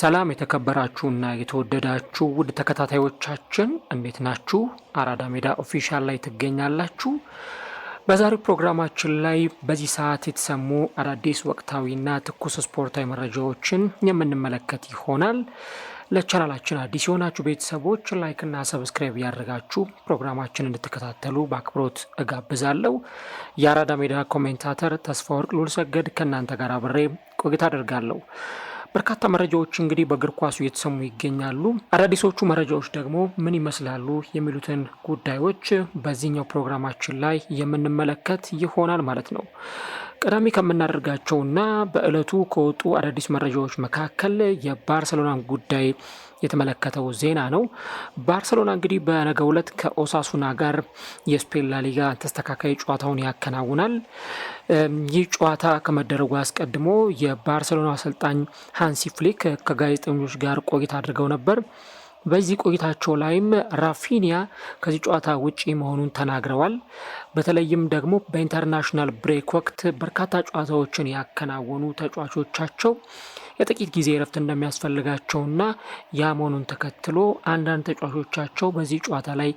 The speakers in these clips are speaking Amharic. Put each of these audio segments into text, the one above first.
ሰላም የተከበራችሁና የተወደዳችሁ ውድ ተከታታዮቻችን እንዴት ናችሁ? አራዳ ሜዳ ኦፊሻል ላይ ትገኛላችሁ። በዛሬው ፕሮግራማችን ላይ በዚህ ሰዓት የተሰሙ አዳዲስ ወቅታዊና ትኩስ ስፖርታዊ መረጃዎችን የምንመለከት ይሆናል። ለቻናላችን አዲስ የሆናችሁ ቤተሰቦች ላይክና ሰብስክራይብ ያደርጋችሁ ፕሮግራማችን እንድትከታተሉ በአክብሮት እጋብዛለሁ። የአራዳ ሜዳ ኮሜንታተር ተስፋ ወርቅ ሉልሰገድ ከእናንተ ጋር አብሬ ቆይታ አደርጋለሁ። በርካታ መረጃዎች እንግዲህ በእግር ኳሱ እየተሰሙ ይገኛሉ። አዳዲሶቹ መረጃዎች ደግሞ ምን ይመስላሉ የሚሉትን ጉዳዮች በዚህኛው ፕሮግራማችን ላይ የምንመለከት ይሆናል ማለት ነው። ቀዳሚ ከምናደርጋቸውና በእለቱ ከወጡ አዳዲስ መረጃዎች መካከል የባርሰሎናን ጉዳይ የተመለከተው ዜና ነው። ባርሰሎና እንግዲህ በነገው ዕለት ከኦሳሱና ጋር የስፔን ላሊጋ ተስተካካይ ጨዋታውን ያከናውናል። ይህ ጨዋታ ከመደረጉ አስቀድሞ የባርሰሎና አሰልጣኝ ሃንሲ ፍሊክ ከጋዜጠኞች ጋር ቆይታ አድርገው ነበር። በዚህ ቆይታቸው ላይም ራፊኒያ ከዚህ ጨዋታ ውጪ መሆኑን ተናግረዋል። በተለይም ደግሞ በኢንተርናሽናል ብሬክ ወቅት በርካታ ጨዋታዎችን ያከናወኑ ተጫዋቾቻቸው ለጥቂት ጊዜ እረፍት እንደሚያስፈልጋቸውና ያ መሆኑን ተከትሎ አንዳንድ ተጫዋቾቻቸው በዚህ ጨዋታ ላይ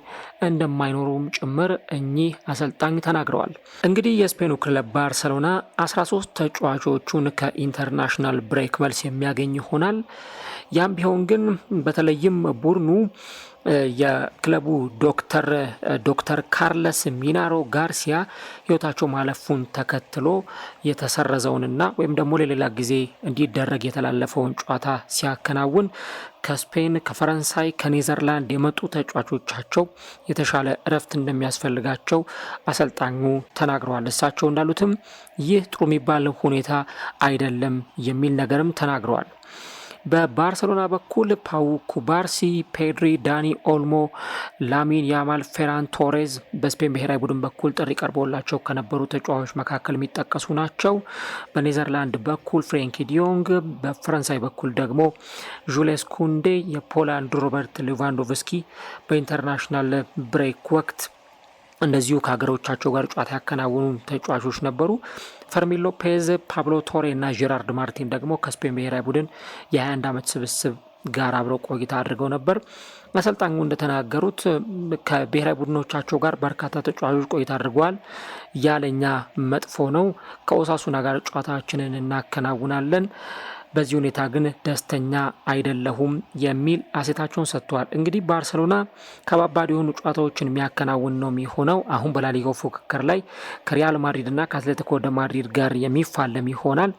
እንደማይኖሩም ጭምር እኚህ አሰልጣኝ ተናግረዋል። እንግዲህ የስፔኑ ክለብ ባርሰሎና 13 ተጫዋቾቹን ከኢንተርናሽናል ብሬክ መልስ የሚያገኝ ይሆናል። ያም ቢሆን ግን በተለይም ቡድኑ የክለቡ ዶክተር ዶክተር ካርለስ ሚናሮ ጋርሲያ ህይወታቸው ማለፉን ተከትሎ የተሰረዘውንና ወይም ደግሞ ለሌላ ጊዜ እንዲደረግ የተላለፈውን ጨዋታ ሲያከናውን ከስፔን፣ ከፈረንሳይ፣ ከኔዘርላንድ የመጡ ተጫዋቾቻቸው የተሻለ እረፍት እንደሚያስፈልጋቸው አሰልጣኙ ተናግረዋል። እሳቸው እንዳሉትም ይህ ጥሩ የሚባል ሁኔታ አይደለም የሚል ነገርም ተናግረዋል። በባርሰሎና በኩል ፓው ኩባርሲ፣ ፔድሪ፣ ዳኒ ኦልሞ፣ ላሚን ያማል፣ ፌራን ቶሬዝ በስፔን ብሔራዊ ቡድን በኩል ጥሪ ቀርቦላቸው ከነበሩ ተጫዋቾች መካከል የሚጠቀሱ ናቸው። በኔዘርላንድ በኩል ፍሬንኪ ዲዮንግ፣ በፈረንሳይ በኩል ደግሞ ጁሌስ ኩንዴ፣ የፖላንድ ሮበርት ሌቫንዶቭስኪ በኢንተርናሽናል ብሬክ ወቅት እንደዚሁ ከሀገሮቻቸው ጋር ጨዋታ ያከናወኑ ተጫዋቾች ነበሩ። ፈርሚን ሎፔዝ፣ ፓብሎ ቶሬ እና ጀራርድ ማርቲን ደግሞ ከስፔን ብሔራዊ ቡድን የ21 ዓመት ስብስብ ጋር አብረው ቆይታ አድርገው ነበር። አሰልጣኙ እንደተናገሩት ከብሔራዊ ቡድኖቻቸው ጋር በርካታ ተጫዋቾች ቆይታ አድርገዋል። ያለኛ መጥፎ ነው። ከኦሳሱና ጋር ጨዋታችንን እናከናውናለን በዚህ ሁኔታ ግን ደስተኛ አይደለሁም የሚል አሴታቸውን ሰጥተዋል። እንግዲህ ባርሰሎና ከባባድ የሆኑ ጨዋታዎችን የሚያከናውን ነው የሚሆነው። አሁን በላሊጋው ፉክክር ላይ ከሪያል ማድሪድና ከአትሌቲኮ ደ ማድሪድ ጋር የሚፋለም ይሆናል።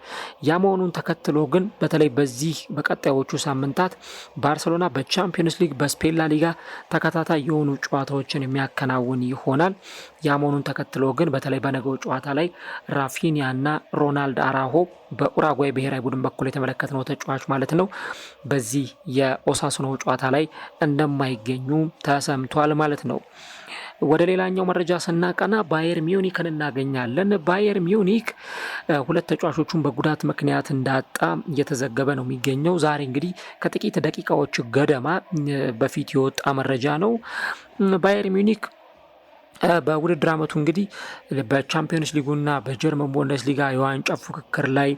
ያ መሆኑን ተከትሎ ግን በተለይ በዚህ በቀጣዮቹ ሳምንታት ባርሰሎና በቻምፒዮንስ ሊግ፣ በስፔን ላሊጋ ተከታታይ የሆኑ ጨዋታዎችን የሚያከናውን ይሆናል። ያ መሆኑን ተከትሎ ግን በተለይ በነገው ጨዋታ ላይ ራፊኒያና ሮናልድ አራሆ በኡራጓይ ብሔራዊ ቡድን በኩል የተመለከትነው ተጫዋች ማለት ነው። በዚህ የኦሳስኖ ጨዋታ ላይ እንደማይገኙ ተሰምቷል ማለት ነው። ወደ ሌላኛው መረጃ ስናቀና ባየር ሚዩኒክን እናገኛለን። ባየር ሚውኒክ ሁለት ተጫዋቾቹን በጉዳት ምክንያት እንዳጣ እየተዘገበ ነው የሚገኘው። ዛሬ እንግዲህ ከጥቂት ደቂቃዎች ገደማ በፊት የወጣ መረጃ ነው ባየር ሚዩኒክ በውድድር ዓመቱ እንግዲህ በቻምፒዮንስ ሊጉና በጀርመን ቡንደስ ሊጋ የዋንጫ ፉክክር ላይ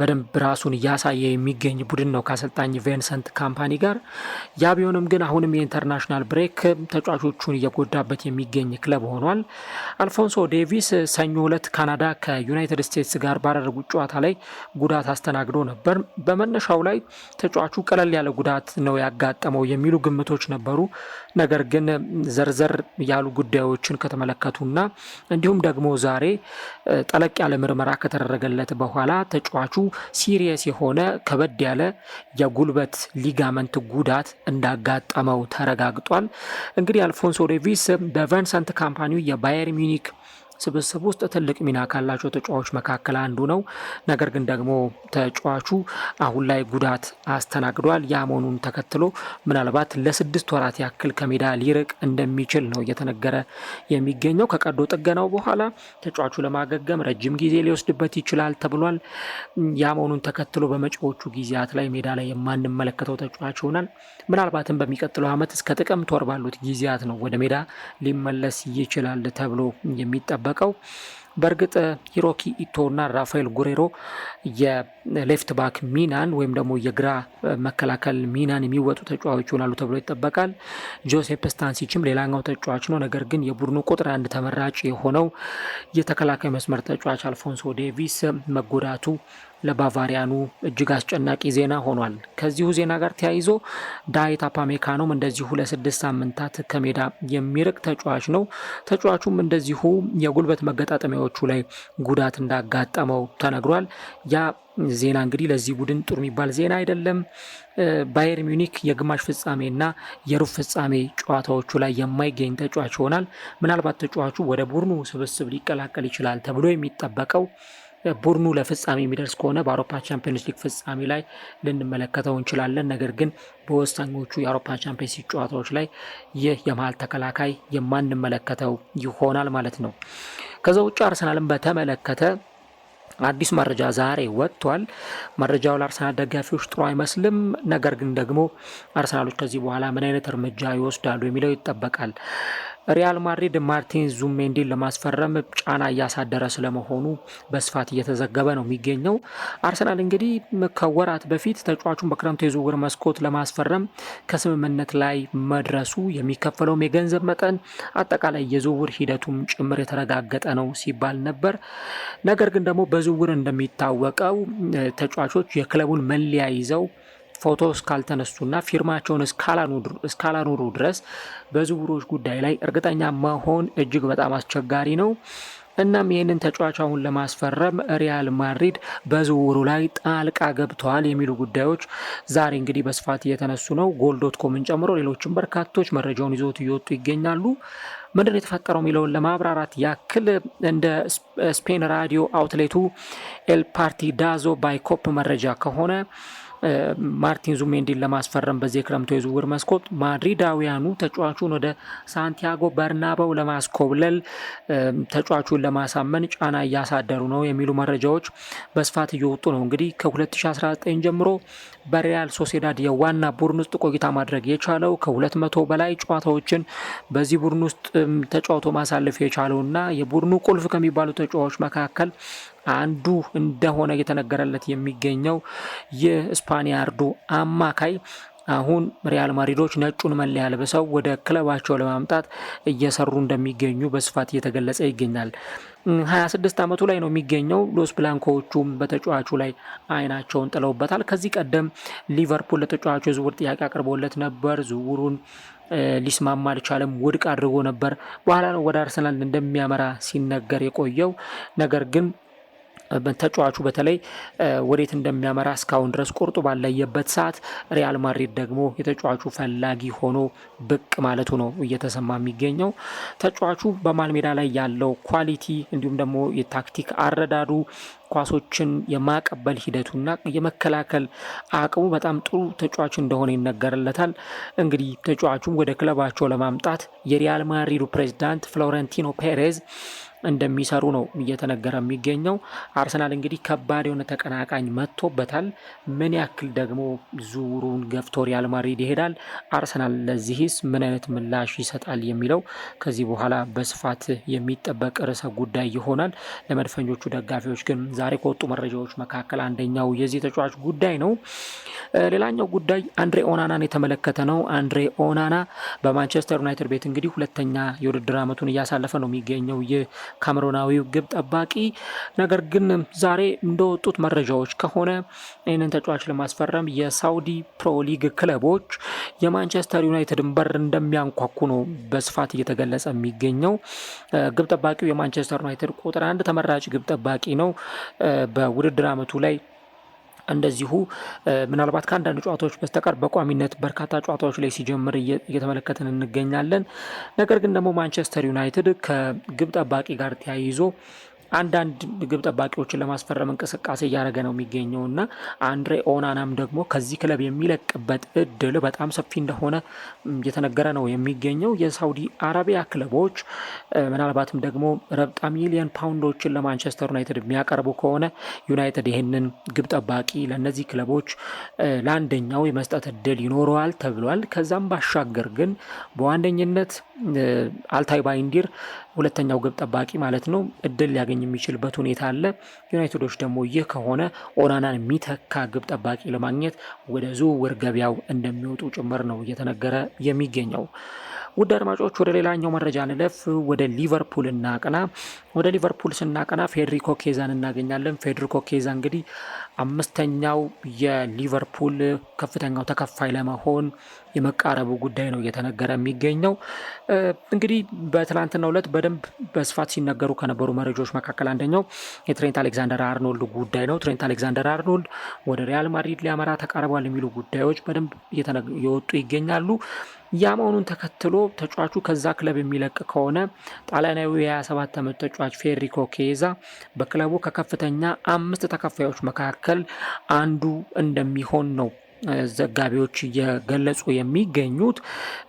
በደንብ ራሱን እያሳየ የሚገኝ ቡድን ነው ከአሰልጣኝ ቬንሰንት ካምፓኒ ጋር። ያ ቢሆንም ግን አሁንም የኢንተርናሽናል ብሬክ ተጫዋቾቹን እየጎዳበት የሚገኝ ክለብ ሆኗል። አልፎንሶ ዴቪስ ሰኞ ሁለት ካናዳ ከዩናይትድ ስቴትስ ጋር ባደረጉት ጨዋታ ላይ ጉዳት አስተናግዶ ነበር። በመነሻው ላይ ተጫዋቹ ቀለል ያለ ጉዳት ነው ያጋጠመው የሚሉ ግምቶች ነበሩ። ነገር ግን ዘርዘር ያሉ ጉዳዮችን ከተመለከቱና እንዲሁም ደግሞ ዛሬ ጠለቅ ያለ ምርመራ ከተደረገለት በኋላ ተጫዋ ተጫዋቹ ሲሪየስ የሆነ ከበድ ያለ የጉልበት ሊጋመንት ጉዳት እንዳጋጠመው ተረጋግጧል። እንግዲህ አልፎንሶ ዴቪስ በቨንሰንት ካምፓኒው የባየር ሚኒክ ስብስብ ውስጥ ትልቅ ሚና ካላቸው ተጫዋቾች መካከል አንዱ ነው። ነገር ግን ደግሞ ተጫዋቹ አሁን ላይ ጉዳት አስተናግዷል። ያ መሆኑን ተከትሎ ምናልባት ለስድስት ወራት ያክል ከሜዳ ሊርቅ እንደሚችል ነው እየተነገረ የሚገኘው። ከቀዶ ጥገናው በኋላ ተጫዋቹ ለማገገም ረጅም ጊዜ ሊወስድበት ይችላል ተብሏል። ያ መሆኑን ተከትሎ በመጪዎቹ ጊዜያት ላይ ሜዳ ላይ የማንመለከተው ተጫዋች ይሆናል። ምናልባትም በሚቀጥለው ዓመት እስከ ጥቅምት ወር ባሉት ጊዜያት ነው ወደ ሜዳ ሊመለስ ይችላል ተብሎ የሚጠበቅ የሚጠበቀው። በእርግጥ ሂሮኪ ኢቶና ራፋኤል ጉሬሮ የሌፍት ባክ ሚናን ወይም ደግሞ የግራ መከላከል ሚናን የሚወጡ ተጫዋቾች ይሆናሉ ተብሎ ይጠበቃል። ጆሴፕ ስታንሲችም ሌላኛው ተጫዋች ነው። ነገር ግን የቡድኑ ቁጥር አንድ ተመራጭ የሆነው የተከላካይ መስመር ተጫዋች አልፎንሶ ዴቪስ መጎዳቱ ለባቫሪያኑ እጅግ አስጨናቂ ዜና ሆኗል። ከዚሁ ዜና ጋር ተያይዞ ዳዊት አፓሜካኖም እንደዚሁ ለስድስት ሳምንታት ከሜዳ የሚርቅ ተጫዋች ነው። ተጫዋቹም እንደዚሁ የጉልበት መገጣጠሚያዎቹ ላይ ጉዳት እንዳጋጠመው ተነግሯል። ያ ዜና እንግዲህ ለዚህ ቡድን ጥሩ የሚባል ዜና አይደለም። ባየር ሚኒክ የግማሽ ፍጻሜና የሩብ ፍጻሜ ጨዋታዎቹ ላይ የማይገኝ ተጫዋች ይሆናል። ምናልባት ተጫዋቹ ወደ ቡድኑ ስብስብ ሊቀላቀል ይችላል ተብሎ የሚጠበቀው ቡድኑ ለፍጻሜ የሚደርስ ከሆነ በአውሮፓ ቻምፒዮንስ ሊግ ፍጻሜ ላይ ልንመለከተው እንችላለን። ነገር ግን በወሳኞቹ የአውሮፓ ቻምፒዮንስ ሊግ ጨዋታዎች ላይ ይህ የመሀል ተከላካይ የማንመለከተው ይሆናል ማለት ነው። ከዛ ውጭ አርሰናልን በተመለከተ አዲስ መረጃ ዛሬ ወጥቷል። መረጃው ለአርሰናል ደጋፊዎች ጥሩ አይመስልም። ነገር ግን ደግሞ አርሰናሎች ከዚህ በኋላ ምን አይነት እርምጃ ይወስዳሉ የሚለው ይጠበቃል። ሪያል ማድሪድ ማርቲን ዙሜንዲን ለማስፈረም ጫና እያሳደረ ስለመሆኑ በስፋት እየተዘገበ ነው የሚገኘው። አርሰናል እንግዲህ ከወራት በፊት ተጫዋቹን በክረምቱ የዝውውር መስኮት ለማስፈረም ከስምምነት ላይ መድረሱ የሚከፈለውም የገንዘብ መጠን አጠቃላይ የዝውውር ሂደቱም ጭምር የተረጋገጠ ነው ሲባል ነበር። ነገር ግን ደግሞ በዝውውር እንደሚታወቀው ተጫዋቾች የክለቡን መለያ ይዘው ፎቶ እስካልተነሱና ፊርማቸውን እስካላኖሩ ድረስ በዝውውሮች ጉዳይ ላይ እርግጠኛ መሆን እጅግ በጣም አስቸጋሪ ነው። እናም ይህንን ተጫዋች አሁን ለማስፈረም ሪያል ማድሪድ በዝውውሩ ላይ ጣልቃ ገብተዋል የሚሉ ጉዳዮች ዛሬ እንግዲህ በስፋት እየተነሱ ነው። ጎልዶት ኮምን ጨምሮ ሌሎችም በርካቶች መረጃውን ይዘውት እየወጡ ይገኛሉ። ምንድን የተፈጠረው የሚለውን ለማብራራት ያክል እንደ ስፔን ራዲዮ አውትሌቱ ኤል ዳዞ ባይኮፕ መረጃ ከሆነ ማርቲን ዙሜንዲን ለማስፈረም በዚህ የክረምቱ የዝውውር መስኮት ማድሪዳውያኑ ተጫዋቹን ወደ ሳንቲያጎ በርናባው ለማስኮብለል ተጫዋቹን ለማሳመን ጫና እያሳደሩ ነው የሚሉ መረጃዎች በስፋት እየወጡ ነው። እንግዲህ ከ2019 ጀምሮ በሪያል ሶሴዳድ የዋና ቡድን ውስጥ ቆይታ ማድረግ የቻለው ከ200 በላይ ጨዋታዎችን በዚህ ቡድን ውስጥ ተጫውቶ ማሳለፍ የቻለውና የቡድኑ ቁልፍ ከሚባሉ ተጫዋቾች መካከል አንዱ እንደሆነ እየተነገረለት የሚገኘው የስፓኒያርዱ አማካይ አሁን ሪያል ማድሪዶች ነጩን መለያ ለብሰው ወደ ክለባቸው ለማምጣት እየሰሩ እንደሚገኙ በስፋት እየተገለጸ ይገኛል። 26 ዓመቱ ላይ ነው የሚገኘው። ሎስ ብላንኮዎቹም በተጫዋቹ ላይ አይናቸውን ጥለውበታል። ከዚህ ቀደም ሊቨርፑል ለተጫዋቹ የዝውውር ጥያቄ አቅርቦለት ነበር። ዝውውሩን ሊስማማ አልቻለም፣ ውድቅ አድርጎ ነበር። በኋላ ነው ወደ አርሰናል እንደሚያመራ ሲነገር የቆየው ነገር ግን ተጫዋቹ በተለይ ወዴት እንደሚያመራ እስካሁን ድረስ ቁርጡ ባለየበት ሰዓት ሪያል ማድሪድ ደግሞ የተጫዋቹ ፈላጊ ሆኖ ብቅ ማለቱ ነው እየተሰማ የሚገኘው። ተጫዋቹ በመሃል ሜዳ ላይ ያለው ኳሊቲ እንዲሁም ደግሞ የታክቲክ አረዳዱ ኳሶችን የማቀበል ሂደቱና የመከላከል አቅሙ በጣም ጥሩ ተጫዋች እንደሆነ ይነገርለታል። እንግዲህ ተጫዋቹም ወደ ክለባቸው ለማምጣት የሪያል ማድሪዱ ፕሬዚዳንት ፍሎረንቲኖ ፔሬዝ እንደሚሰሩ ነው እየተነገረ የሚገኘው። አርሰናል እንግዲህ ከባድ የሆነ ተቀናቃኝ መጥቶበታል። ምን ያክል ደግሞ ዙሩን ገፍቶ ሪያል ማድሪድ ይሄዳል? አርሰናል ለዚህስ ምን አይነት ምላሽ ይሰጣል የሚለው ከዚህ በኋላ በስፋት የሚጠበቅ ርዕሰ ጉዳይ ይሆናል። ለመድፈኞቹ ደጋፊዎች ግን ዛሬ ከወጡ መረጃዎች መካከል አንደኛው የዚህ ተጫዋች ጉዳይ ነው። ሌላኛው ጉዳይ አንድሬ ኦናናን የተመለከተ ነው። አንድሬ ኦናና በማንቸስተር ዩናይትድ ቤት እንግዲህ ሁለተኛ የውድድር ዓመቱን እያሳለፈ ነው የሚገኘው ይህ ካሜሮናዊው ግብ ጠባቂ። ነገር ግን ዛሬ እንደወጡት መረጃዎች ከሆነ ይህንን ተጫዋች ለማስፈረም የሳውዲ ፕሮሊግ ክለቦች የማንቸስተር ዩናይትድን በር እንደሚያንኳኩ ነው በስፋት እየተገለጸ የሚገኘው። ግብ ጠባቂው የማንቸስተር ዩናይትድ ቁጥር አንድ ተመራጭ ግብ ጠባቂ ነው። በውድድር ዓመቱ ላይ እንደዚሁ ምናልባት ከአንዳንድ ጨዋታዎች በስተቀር በቋሚነት በርካታ ጨዋታዎች ላይ ሲጀምር እየተመለከትን እንገኛለን። ነገር ግን ደግሞ ማንቸስተር ዩናይትድ ከግብ ጠባቂ ጋር ተያይዞ አንዳንድ ግብ ጠባቂዎችን ለማስፈረም እንቅስቃሴ እያደረገ ነው የሚገኘው እና አንድሬ ኦናናም ደግሞ ከዚህ ክለብ የሚለቅበት እድል በጣም ሰፊ እንደሆነ እየተነገረ ነው የሚገኘው። የሳውዲ አረቢያ ክለቦች ምናልባትም ደግሞ ረብጣ ሚሊዮን ፓውንዶችን ለማንቸስተር ዩናይትድ የሚያቀርቡ ከሆነ ዩናይትድ ይህንን ግብ ጠባቂ ለእነዚህ ክለቦች ለአንደኛው የመስጠት እድል ይኖረዋል ተብሏል። ከዛም ባሻገር ግን በዋነኝነት አልታይ ባይንዲር ሁለተኛው ግብ ጠባቂ ማለት ነው እድል ሊያገኝ ሊገኝ የሚችልበት ሁኔታ አለ። ዩናይትዶች ደግሞ ይህ ከሆነ ኦናናን የሚተካ ግብ ጠባቂ ለማግኘት ወደ ዝውውር ገበያው እንደሚወጡ ጭምር ነው እየተነገረ የሚገኘው። ውድ አድማጮች ወደ ሌላኛው መረጃ ንለፍ። ወደ ሊቨርፑል እናቅና። ወደ ሊቨርፑል ስናቀና ፌዴሪኮ ኬዛን እናገኛለን። ፌዴሪኮ ኬዛ እንግዲህ አምስተኛው የሊቨርፑል ከፍተኛው ተከፋይ ለመሆን የመቃረቡ ጉዳይ ነው እየተነገረ የሚገኘው። እንግዲህ በትላንትናው ዕለት በደንብ በስፋት ሲነገሩ ከነበሩ መረጃዎች መካከል አንደኛው የትሬንት አሌክዛንደር አርኖልድ ጉዳይ ነው። ትሬንት አሌክዛንደር አርኖልድ ወደ ሪያል ማድሪድ ሊያመራ ተቃርቧል የሚሉ ጉዳዮች በደንብ እየወጡ ይገኛሉ። ያ መሆኑን ተከትሎ ተጫዋቹ ከዛ ክለብ የሚለቅ ከሆነ ጣሊያናዊ የ27 ዓመት ተጫዋች ፌሪኮ ኬዛ በክለቡ ከከፍተኛ አምስት ተከፋዮች መካከል አንዱ እንደሚሆን ነው ዘጋቢዎች እየገለጹ የሚገኙት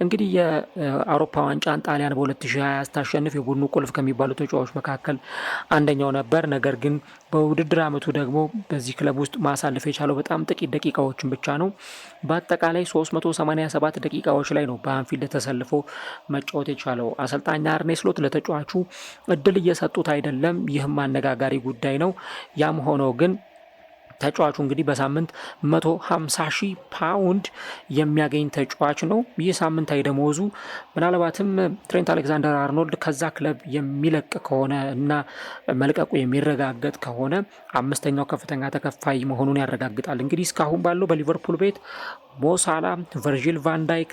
እንግዲህ የአውሮፓ ዋንጫን ጣሊያን በ2020 ስታሸንፍ የቡድኑ ቁልፍ ከሚባሉ ተጫዋቾች መካከል አንደኛው ነበር። ነገር ግን በውድድር ዓመቱ ደግሞ በዚህ ክለብ ውስጥ ማሳለፍ የቻለው በጣም ጥቂት ደቂቃዎችን ብቻ ነው። በአጠቃላይ 387 ደቂቃዎች ላይ ነው በአንፊልድ ተሰልፎ መጫወት የቻለው። አሰልጣኝ አርኔ ስሎት ለተጫዋቹ እድል እየሰጡት አይደለም። ይህም አነጋጋሪ ጉዳይ ነው። ያም ሆኖ ግን ተጫዋቹ እንግዲህ በሳምንት 150 ሺህ ፓውንድ የሚያገኝ ተጫዋች ነው። ይህ ሳምንታዊ ደመወዙ ምናልባትም ትሬንት አሌክዛንደር አርኖልድ ከዛ ክለብ የሚለቅ ከሆነ እና መልቀቁ የሚረጋገጥ ከሆነ አምስተኛው ከፍተኛ ተከፋይ መሆኑን ያረጋግጣል። እንግዲህ እስካሁን ባለው በሊቨርፑል ቤት ሞሳላ፣ ቨርጂል ቫንዳይክ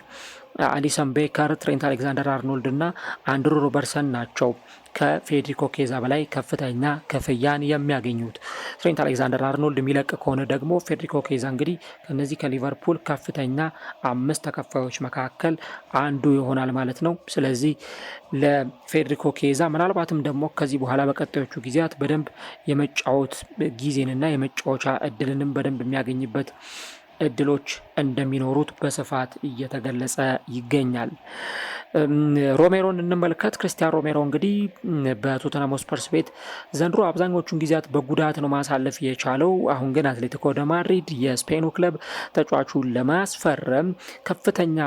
አሊሰን ቤከር፣ ትሬንት አሌክዛንደር አርኖልድ እና አንድሩ ሮበርሰን ናቸው ከፌዴሪኮ ኬዛ በላይ ከፍተኛ ክፍያን የሚያገኙት። ትሬንት አሌክዛንደር አርኖልድ የሚለቅ ከሆነ ደግሞ ፌዴሪኮ ኬዛ እንግዲህ ከነዚህ ከሊቨርፑል ከፍተኛ አምስት ተከፋዮች መካከል አንዱ ይሆናል ማለት ነው። ስለዚህ ለፌዴሪኮ ኬዛ ምናልባትም ደግሞ ከዚህ በኋላ በቀጣዮቹ ጊዜያት በደንብ የመጫወት ጊዜንና የመጫወቻ እድልንም በደንብ የሚያገኝበት እድሎች እንደሚኖሩት በስፋት እየተገለጸ ይገኛል። ሮሜሮን እንመልከት። ክርስቲያን ሮሜሮ እንግዲህ በቶተንሃም ስፐርስ ቤት ዘንድሮ አብዛኞቹን ጊዜያት በጉዳት ነው ማሳለፍ የቻለው። አሁን ግን አትሌቲኮ ደ ማድሪድ የስፔኑ ክለብ ተጫዋቹን ለማስፈረም ከፍተኛ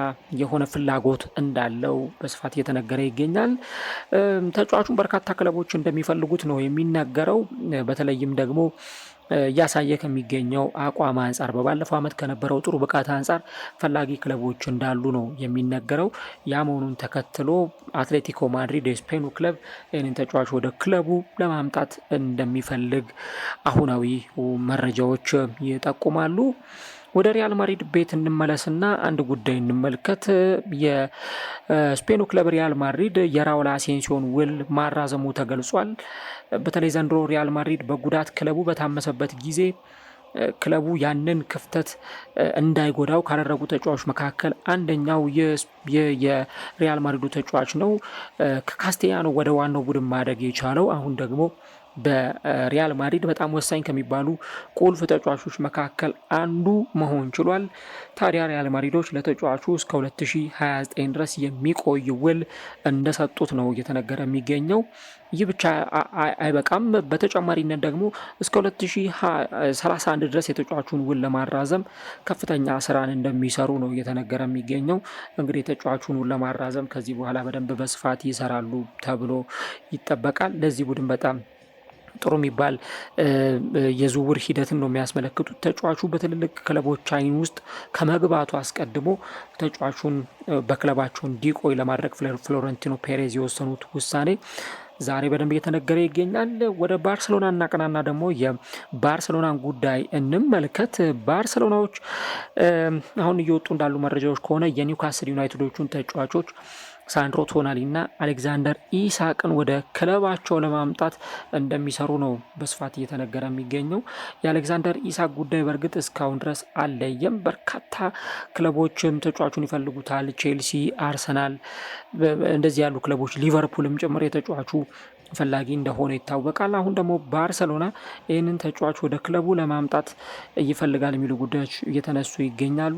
የሆነ ፍላጎት እንዳለው በስፋት እየተነገረ ይገኛል። ተጫዋቹን በርካታ ክለቦች እንደሚፈልጉት ነው የሚነገረው። በተለይም ደግሞ እያሳየ ከሚገኘው አቋም አንጻር በባለፈው ዓመት ከነበረው ጥሩ ብቃት አንጻር ፈላጊ ክለቦች እንዳሉ ነው የሚነገረው። ያ መሆኑን ተከትሎ አትሌቲኮ ማድሪድ የስፔኑ ክለብ ይህንን ተጫዋች ወደ ክለቡ ለማምጣት እንደሚፈልግ አሁናዊ መረጃዎች ይጠቁማሉ። ወደ ሪያል ማድሪድ ቤት እንመለስና አንድ ጉዳይ እንመልከት። የስፔኑ ክለብ ሪያል ማድሪድ የራውል አሴንሲዮን ውል ማራዘሙ ተገልጿል። በተለይ ዘንድሮ ሪያል ማድሪድ በጉዳት ክለቡ በታመሰበት ጊዜ ክለቡ ያንን ክፍተት እንዳይጎዳው ካደረጉ ተጫዋች መካከል አንደኛው የሪያል ማድሪዱ ተጫዋች ነው። ከካስቴያኖ ወደ ዋናው ቡድን ማደግ የቻለው አሁን ደግሞ በሪያል ማድሪድ በጣም ወሳኝ ከሚባሉ ቁልፍ ተጫዋቾች መካከል አንዱ መሆን ችሏል። ታዲያ ሪያል ማድሪዶች ለተጫዋቹ እስከ 2029 ድረስ የሚቆይ ውል እንደሰጡት ነው እየተነገረ የሚገኘው። ይህ ብቻ አይበቃም። በተጨማሪነት ደግሞ እስከ 2031 ድረስ የተጫዋቹን ውል ለማራዘም ከፍተኛ ስራን እንደሚሰሩ ነው እየተነገረ የሚገኘው። እንግዲህ የተጫዋቹን ውል ለማራዘም ከዚህ በኋላ በደንብ በስፋት ይሰራሉ ተብሎ ይጠበቃል። ለዚህ ቡድን በጣም ጥሩ የሚባል የዝውውር ሂደትን ነው የሚያስመለክቱት። ተጫዋቹ በትልልቅ ክለቦች አይን ውስጥ ከመግባቱ አስቀድሞ ተጫዋቹን በክለባቸው እንዲቆይ ለማድረግ ፍሎረንቲኖ ፔሬዝ የወሰኑት ውሳኔ ዛሬ በደንብ እየተነገረ ይገኛል። ወደ ባርሰሎና እናቀናና ደግሞ የባርሰሎናን ጉዳይ እንመልከት። ባርሰሎናዎች አሁን እየወጡ እንዳሉ መረጃዎች ከሆነ የኒውካስል ዩናይትዶቹን ተጫዋቾች ሳንድሮ ቶናሊና አሌክዛንደር ኢሳቅን ወደ ክለባቸው ለማምጣት እንደሚሰሩ ነው በስፋት እየተነገረ የሚገኘው። የአሌክዛንደር ኢሳቅ ጉዳይ በእርግጥ እስካሁን ድረስ አለየም በርካታ ክለቦችም ተጫዋቹን ይፈልጉታል። ቼልሲ፣ አርሰናል እንደዚህ ያሉ ክለቦች ሊቨርፑልም ጭምር የተጫዋቹ ፈላጊ እንደሆነ ይታወቃል። አሁን ደግሞ ባርሰሎና ይህንን ተጫዋች ወደ ክለቡ ለማምጣት ይፈልጋል የሚሉ ጉዳዮች እየተነሱ ይገኛሉ።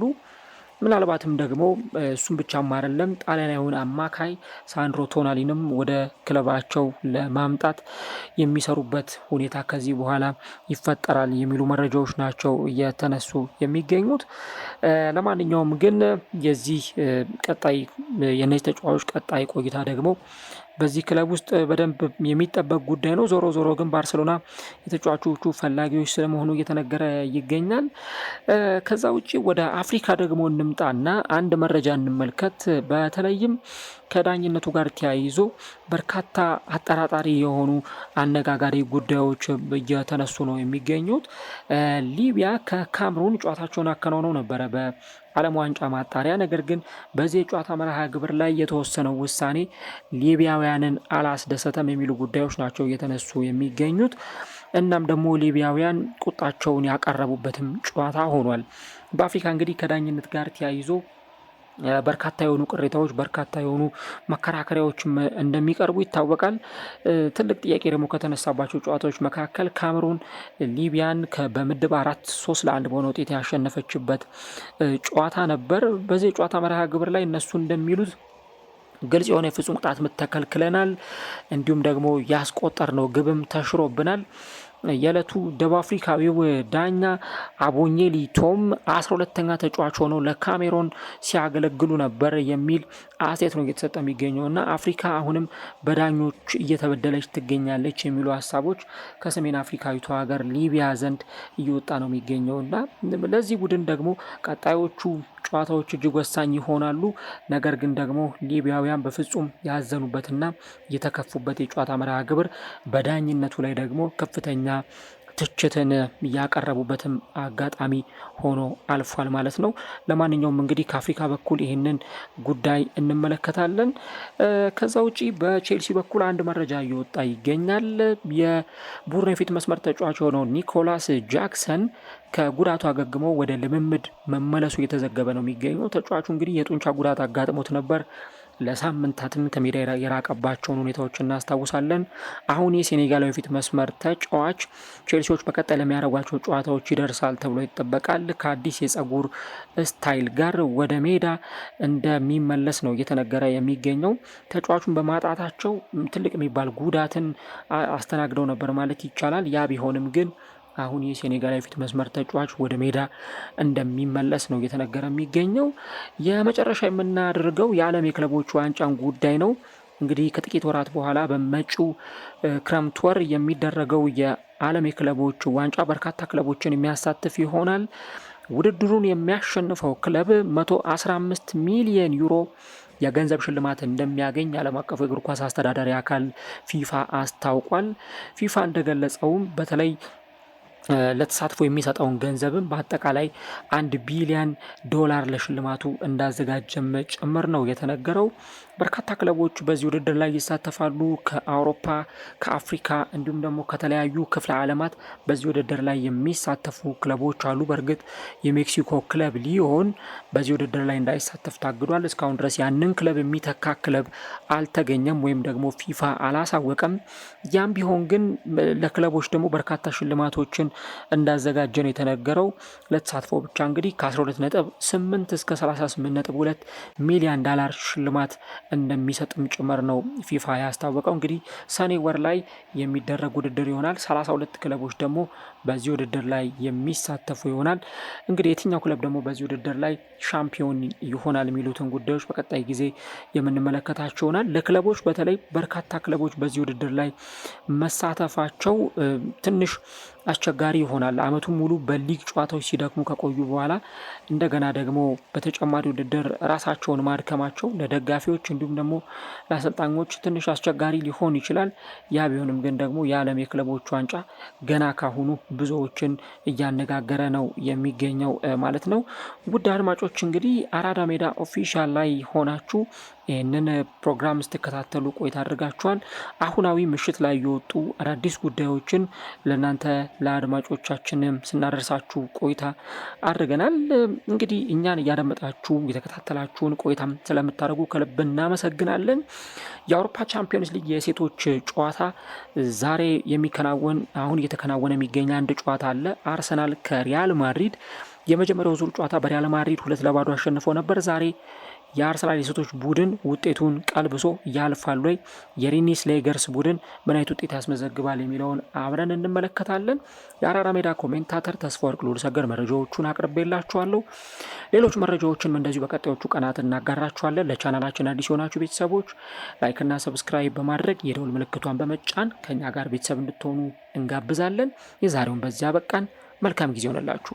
ምናልባትም ደግሞ እሱም ብቻም አይደለም ጣሊያናዊውን አማካይ ሳንድሮ ቶናሊንም ወደ ክለባቸው ለማምጣት የሚሰሩበት ሁኔታ ከዚህ በኋላ ይፈጠራል የሚሉ መረጃዎች ናቸው እየተነሱ የሚገኙት። ለማንኛውም ግን የዚህ ቀጣይ የነዚህ ተጫዋቾች ቀጣይ ቆይታ ደግሞ በዚህ ክለብ ውስጥ በደንብ የሚጠበቅ ጉዳይ ነው። ዞሮ ዞሮ ግን ባርሰሎና የተጫዋቾቹ ፈላጊዎች ስለመሆኑ እየተነገረ ይገኛል። ከዛ ውጭ ወደ አፍሪካ ደግሞ እንምጣና አንድ መረጃ እንመልከት። በተለይም ከዳኝነቱ ጋር ተያይዞ በርካታ አጠራጣሪ የሆኑ አነጋጋሪ ጉዳዮች እየተነሱ ነው የሚገኙት። ሊቢያ ከካምሩን ጨዋታቸውን አከናውነው ነበረ በዓለም ዋንጫ ማጣሪያ። ነገር ግን በዚህ የጨዋታ መርሃ ግብር ላይ የተወሰነው ውሳኔ ሊቢያውያንን አላስደሰተም የሚሉ ጉዳዮች ናቸው እየተነሱ የሚገኙት። እናም ደግሞ ሊቢያውያን ቁጣቸውን ያቀረቡበትም ጨዋታ ሆኗል። በአፍሪካ እንግዲህ ከዳኝነት ጋር ተያይዞ በርካታ የሆኑ ቅሬታዎች በርካታ የሆኑ መከራከሪያዎች እንደሚቀርቡ ይታወቃል። ትልቅ ጥያቄ ደግሞ ከተነሳባቸው ጨዋታዎች መካከል ካሜሩን ሊቢያን በምድብ አራት ሶስት ለአንድ በሆነ ውጤት ያሸነፈችበት ጨዋታ ነበር። በዚህ የጨዋታ መርሃ ግብር ላይ እነሱ እንደሚሉት ግልጽ የሆነ የፍጹም ቅጣት ምት ተከልክለናል፣ እንዲሁም ደግሞ ያስቆጠርነው ግብም ተሽሮብናል። የዕለቱ ደቡብ አፍሪካዊው ዳኛ አቦኜሊ ቶም አስራ ሁለተኛ ተጫዋች ሆነው ለካሜሮን ሲያገለግሉ ነበር የሚል አስተያየት ነው እየተሰጠ የሚገኘው እና አፍሪካ አሁንም በዳኞች እየተበደለች ትገኛለች የሚሉ ሀሳቦች ከሰሜን አፍሪካዊቷ ሀገር ሊቢያ ዘንድ እየወጣ ነው የሚገኘው እና ለዚህ ቡድን ደግሞ ቀጣዮቹ ጨዋታዎች እጅግ ወሳኝ ይሆናሉ። ነገር ግን ደግሞ ሊቢያውያን በፍጹም ያዘኑበትና የተከፉበት የጨዋታ መርሃ ግብር በዳኝነቱ ላይ ደግሞ ከፍተኛ ትችትን ያቀረቡበትም አጋጣሚ ሆኖ አልፏል ማለት ነው። ለማንኛውም እንግዲህ ከአፍሪካ በኩል ይህንን ጉዳይ እንመለከታለን። ከዛ ውጪ በቼልሲ በኩል አንድ መረጃ እየወጣ ይገኛል። የቡድን የፊት መስመር ተጫዋች የሆነው ኒኮላስ ጃክሰን ከጉዳቱ አገግሞ ወደ ልምምድ መመለሱ እየተዘገበ ነው የሚገኘው። ተጫዋቹ እንግዲህ የጡንቻ ጉዳት አጋጥሞት ነበር ለሳምንታትም ከሜዳ የራቀባቸውን ሁኔታዎች እናስታውሳለን። አሁን የሴኔጋላዊ ፊት መስመር ተጫዋች ቼልሲዎች በቀጣይ ለሚያደርጓቸው ጨዋታዎች ይደርሳል ተብሎ ይጠበቃል። ከአዲስ የጸጉር ስታይል ጋር ወደ ሜዳ እንደሚመለስ ነው እየተነገረ የሚገኘው። ተጫዋቹን በማጣታቸው ትልቅ የሚባል ጉዳትን አስተናግደው ነበር ማለት ይቻላል። ያ ቢሆንም ግን አሁን የሴኔጋል የፊት መስመር ተጫዋች ወደ ሜዳ እንደሚመለስ ነው እየተነገረ የሚገኘው። የመጨረሻ የምናደርገው የዓለም የክለቦች ዋንጫን ጉዳይ ነው። እንግዲህ ከጥቂት ወራት በኋላ በመጪው ክረምት ወር የሚደረገው የዓለም የክለቦች ዋንጫ በርካታ ክለቦችን የሚያሳትፍ ይሆናል። ውድድሩን የሚያሸንፈው ክለብ 115 ሚሊየን ዩሮ የገንዘብ ሽልማት እንደሚያገኝ ዓለም አቀፉ የእግር ኳስ አስተዳዳሪ አካል ፊፋ አስታውቋል። ፊፋ እንደገለጸውም በተለይ ለተሳትፎ የሚሰጠውን ገንዘብም በአጠቃላይ አንድ ቢሊያን ዶላር ለሽልማቱ እንዳዘጋጀም ጭምር ነው የተነገረው። በርካታ ክለቦች በዚህ ውድድር ላይ ይሳተፋሉ። ከአውሮፓ፣ ከአፍሪካ እንዲሁም ደግሞ ከተለያዩ ክፍለ ዓለማት በዚህ ውድድር ላይ የሚሳተፉ ክለቦች አሉ። በእርግጥ የሜክሲኮ ክለብ ሊሆን በዚህ ውድድር ላይ እንዳይሳተፍ ታግዷል። እስካሁን ድረስ ያንን ክለብ የሚተካ ክለብ አልተገኘም ወይም ደግሞ ፊፋ አላሳወቀም። ያም ቢሆን ግን ለክለቦች ደግሞ በርካታ ሽልማቶችን እንዳዘጋጀ ነው የተነገረው። ለተሳትፎ ብቻ እንግዲህ ከ12.8 እስከ 38.2 ሚሊዮን ዳላር ሽልማት እንደሚሰጥም ጭምር ነው ፊፋ ያስታወቀው። እንግዲህ ሰኔ ወር ላይ የሚደረግ ውድድር ይሆናል። 32 ክለቦች ደግሞ በዚህ ውድድር ላይ የሚሳተፉ ይሆናል። እንግዲህ የትኛው ክለብ ደግሞ በዚህ ውድድር ላይ ሻምፒዮን ይሆናል የሚሉትን ጉዳዮች በቀጣይ ጊዜ የምንመለከታቸው ይሆናል። ለክለቦች በተለይ በርካታ ክለቦች በዚህ ውድድር ላይ መሳተፋቸው ትንሽ አስቸጋሪ ይሆናል። አመቱን ሙሉ በሊግ ጨዋታዎች ሲደክሙ ከቆዩ በኋላ እንደገና ደግሞ በተጨማሪ ውድድር ራሳቸውን ማድከማቸው ለደጋፊዎች እንዲሁም ደግሞ ለአሰልጣኞች ትንሽ አስቸጋሪ ሊሆን ይችላል። ያ ቢሆንም ግን ደግሞ የዓለም የክለቦች ዋንጫ ገና ካሁኑ ብዙዎችን እያነጋገረ ነው የሚገኘው ማለት ነው። ውድ አድማጮች እንግዲህ አራዳ ሜዳ ኦፊሻል ላይ ሆናችሁ ይህንን ፕሮግራም ስትከታተሉ ቆይታ አድርጋችኋል። አሁናዊ ምሽት ላይ የወጡ አዳዲስ ጉዳዮችን ለእናንተ ለአድማጮቻችንም ስናደርሳችሁ ቆይታ አድርገናል። እንግዲህ እኛን እያደመጣችሁ የተከታተላችሁን ቆይታም ስለምታደርጉ ከልብ እናመሰግናለን። የአውሮፓ ቻምፒዮንስ ሊግ የሴቶች ጨዋታ ዛሬ የሚከናወን አሁን እየተከናወነ የሚገኝ አንድ ጨዋታ አለ። አርሰናል ከሪያል ማድሪድ የመጀመሪያው ዙር ጨዋታ በሪያል ማድሪድ ሁለት ለባዶ አሸንፎ ነበር። ዛሬ የአርሰናል የሴቶች ቡድን ውጤቱን ቀልብሶ ያልፋል ወይ? የሪኒስ ሌገርስ ቡድን ምን አይነት ውጤት ያስመዘግባል የሚለውን አብረን እንመለከታለን። የአራዳ ሜዳ ኮሜንታተር ተስፋ ወርቅ ልዑልሰገድ መረጃዎቹን አቅርቤላችኋለሁ። ሌሎች መረጃዎችንም እንደዚሁ በቀጣዮቹ ቀናት እናጋራችኋለን። ለቻናላችን አዲስ የሆናችሁ ቤተሰቦች ላይክና ሰብስክራይብ በማድረግ የደውል ምልክቷን በመጫን ከኛ ጋር ቤተሰብ እንድትሆኑ እንጋብዛለን። የዛሬውን በዚያ በቃን። መልካም ጊዜ ሆነላችሁ።